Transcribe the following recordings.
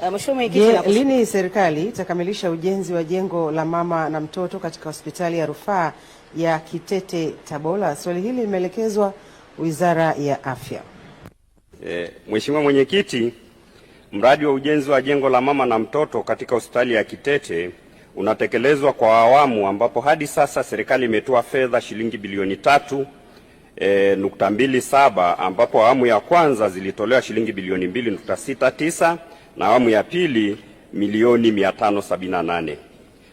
Uh, Je, lini serikali itakamilisha ujenzi wa jengo la mama na mtoto katika hospitali ya rufaa ya Kitete Tabora? Swali hili limeelekezwa Wizara ya Afya. E, Mheshimiwa Mwenyekiti, mradi wa ujenzi wa jengo la mama na mtoto katika hospitali ya Kitete unatekelezwa kwa awamu ambapo hadi sasa serikali imetoa fedha shilingi bilioni tatu E, nukta mbili saba ambapo awamu ya kwanza zilitolewa shilingi bilioni mbili nukta sita tisa na awamu ya pili milioni 578.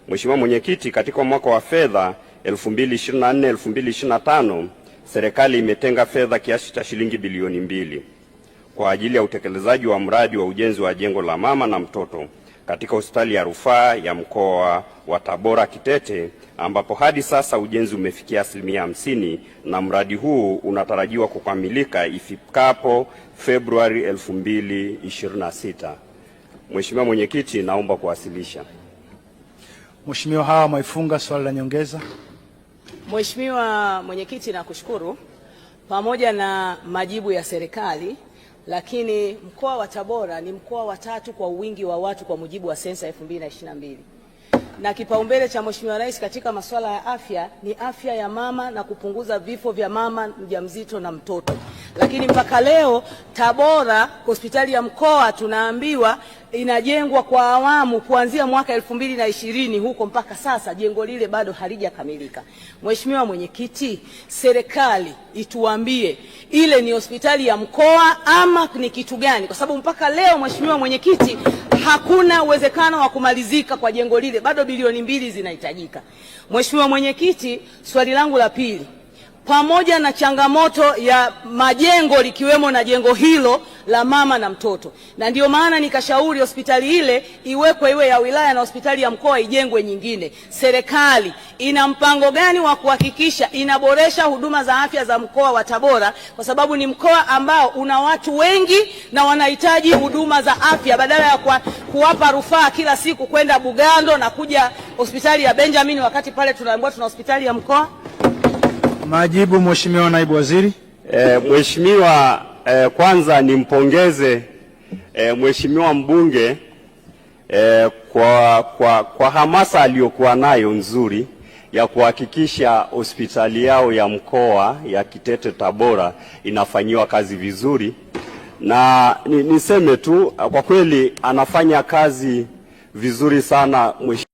Mheshimiwa Mwenyekiti, katika mwaka wa fedha 2024 2025 serikali imetenga fedha kiasi cha shilingi bilioni mbili kwa ajili ya utekelezaji wa mradi wa ujenzi wa jengo la mama na mtoto katika hospitali ya rufaa ya mkoa wa Tabora Kitete, ambapo hadi sasa ujenzi umefikia asilimia hamsini na mradi huu unatarajiwa kukamilika ifikapo Februari 2026. Mheshimiwa Mwenyekiti, naomba kuwasilisha. Mheshimiwa Hawa Mwaifunga, swali la nyongeza. Mheshimiwa Mwenyekiti, nakushukuru pamoja na majibu ya serikali, lakini mkoa wa Tabora ni mkoa wa tatu kwa wingi wa watu kwa mujibu wa sensa 2022 na kipaumbele cha Mheshimiwa Rais katika masuala ya afya ni afya ya mama na kupunguza vifo vya mama mjamzito na mtoto. Lakini mpaka leo Tabora, hospitali ya mkoa tunaambiwa inajengwa kwa awamu kuanzia mwaka elfu mbili na ishirini huko mpaka sasa jengo lile bado halijakamilika. Mheshimiwa Mwenyekiti, serikali ituambie ile ni hospitali ya mkoa ama ni kitu gani? Kwa sababu mpaka leo mheshimiwa mwenyekiti, hakuna uwezekano wa kumalizika kwa jengo lile, bado bilioni mbili zinahitajika. Mheshimiwa mwenyekiti, swali langu la pili pamoja na changamoto ya majengo likiwemo na jengo hilo la mama na mtoto, na ndio maana nikashauri hospitali ile iwekwe iwe ya wilaya na hospitali ya mkoa ijengwe nyingine. Serikali ina mpango gani wa kuhakikisha inaboresha huduma za afya za mkoa wa Tabora, kwa sababu ni mkoa ambao una watu wengi na wanahitaji huduma za afya, badala ya kwa, kuwapa rufaa kila siku kwenda Bugando na kuja hospitali ya Benjamin, wakati pale tunaambiwa tuna hospitali ya mkoa. Majibu Mheshimiwa Naibu Waziri. E, Mheshimiwa e, kwanza nimpongeze e, Mheshimiwa mbunge e, kwa, kwa, kwa hamasa aliyokuwa nayo nzuri ya kuhakikisha hospitali yao ya mkoa ya Kitete Tabora inafanyiwa kazi vizuri, na niseme tu kwa kweli anafanya kazi vizuri sana mheshimiwa.